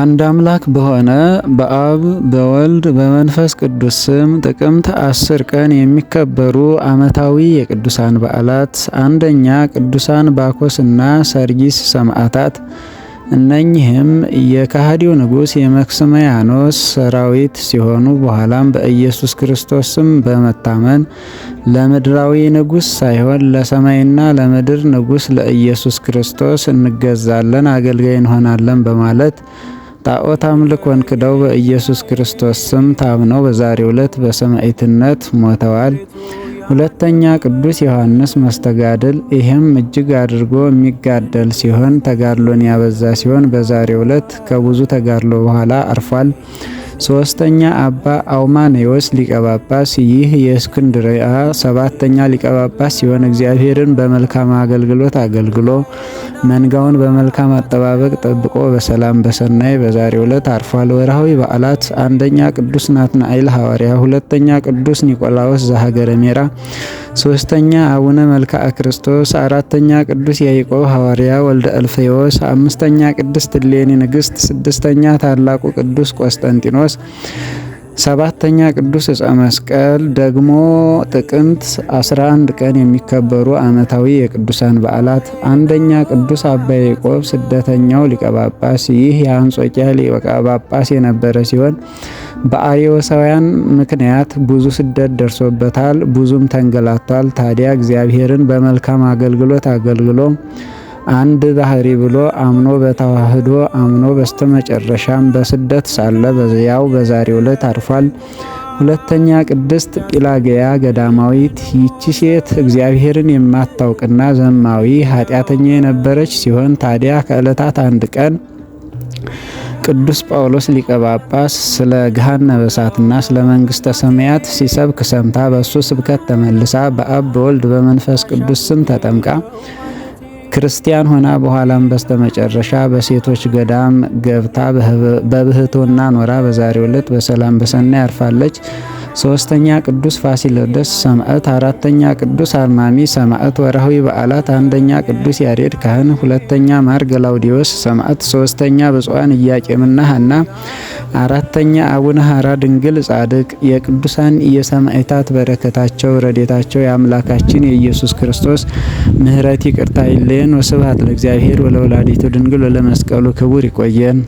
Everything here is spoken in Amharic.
አንድ አምላክ በሆነ በአብ በወልድ በመንፈስ ቅዱስ ስም ጥቅምት አስር ቀን የሚከበሩ ዓመታዊ የቅዱሳን በዓላት፣ አንደኛ ቅዱሳን ባኮስና ሰርጊስ ሰማዕታት። እነኚህም የካህዲው ንጉሥ የመክስመያኖስ ሰራዊት ሲሆኑ በኋላም በኢየሱስ ክርስቶስ ስም በመታመን ለምድራዊ ንጉሥ ሳይሆን ለሰማይና ለምድር ንጉሥ ለኢየሱስ ክርስቶስ እንገዛለን፣ አገልጋይ እንሆናለን በማለት ጣዖት አምልኮን ክደው በኢየሱስ ክርስቶስ ስም ታምነው በዛሬው ዕለት በሰማዕትነት ሞተዋል። ሁለተኛ ቅዱስ ዮሐንስ መስተጋድል። ይህም እጅግ አድርጎ የሚጋደል ሲሆን ተጋድሎን ያበዛ ሲሆን በዛሬው ዕለት ከብዙ ተጋድሎ በኋላ አርፏል። ሶስተኛ አባ አውማኔዎስ ሊቀ ጳጳስ። ይህ የእስክንድርያ ሰባተኛ ሊቀጳጳስ ሲሆን እግዚአብሔርን በመልካም አገልግሎት አገልግሎ መንጋውን በመልካም አጠባበቅ ጠብቆ በሰላም በሰናይ በዛሬው ዕለት አርፏል። ወርሃዊ በዓላት አንደኛ ቅዱስ ናትናኤል ሐዋርያ፣ ሁለተኛ ቅዱስ ኒቆላዎስ ዘሀገረ ሜራ፣ ሶስተኛ አቡነ መልክዓ ክርስቶስ፣ አራተኛ ቅዱስ ያዕቆብ ሐዋርያ ወልደ እልፍዮስ፣ አምስተኛ ቅድስት ትሌኒ ንግሥት፣ ስድስተኛ ታላቁ ቅዱስ ቆስጠንጢኖስ ጳውሎስ። ሰባተኛ ቅዱስ ዕፀ መስቀል ደግሞ ጥቅምት 11 ቀን የሚከበሩ ዓመታዊ የቅዱሳን በዓላት፣ አንደኛ ቅዱስ አባ ያዕቆብ ስደተኛው ሊቀ ጳጳስ። ይህ የአንጾኪያ ሊቀ ጳጳስ የነበረ ሲሆን በአርዮሳውያን ምክንያት ብዙ ስደት ደርሶበታል፣ ብዙም ተንገላቷል። ታዲያ እግዚአብሔርን በመልካም አገልግሎት አገልግሎ አንድ ባህሪ ብሎ አምኖ በተዋህዶ አምኖ በስተመጨረሻም በስደት ሳለ በዚያው በዛሬው ዕለት አርፏል። ሁለተኛ ቅድስት ጲላገያ ገዳማዊት። ይቺ ሴት እግዚአብሔርን የማታውቅና ዘማዊ ኃጢአተኛ የነበረች ሲሆን ታዲያ ከዕለታት አንድ ቀን ቅዱስ ጳውሎስ ሊቀ ጳጳስ ስለ ገሃነመ እሳትና ስለ መንግሥተ ሰማያት ሲሰብክ ሰምታ በእሱ ስብከት ተመልሳ በአብ በወልድ በመንፈስ ቅዱስ ስም ተጠምቃ ክርስቲያን ሆና በኋላም በስተመጨረሻ በሴቶች ገዳም ገብታ በብህቶና ኖራ በዛሬው ዕለት በሰላም በሰና ያርፋለች። ሶስተኛ ቅዱስ ፋሲለደስ ሰማዕት፣ አራተኛ ቅዱስ አርማሚ ሰማዕት። ወርሃዊ በዓላት አንደኛ ቅዱስ ያሬድ ካህን፣ ሁለተኛ ማር ገላውዲዮስ ሰማዕት፣ ሶስተኛ ብፁዓን እያቄምና ሐና፣ አራተኛ አቡነ ሐራ ድንግል ጻድቅ። የቅዱሳን የሰማዕታት በረከታቸው ረዴታቸው የአምላካችን የኢየሱስ ክርስቶስ ምሕረት ይቅርታ ይለየን። ወስብሐት ለእግዚአብሔር ወለወላዲቱ ድንግል ወለመስቀሉ ክቡር። ይቆየን።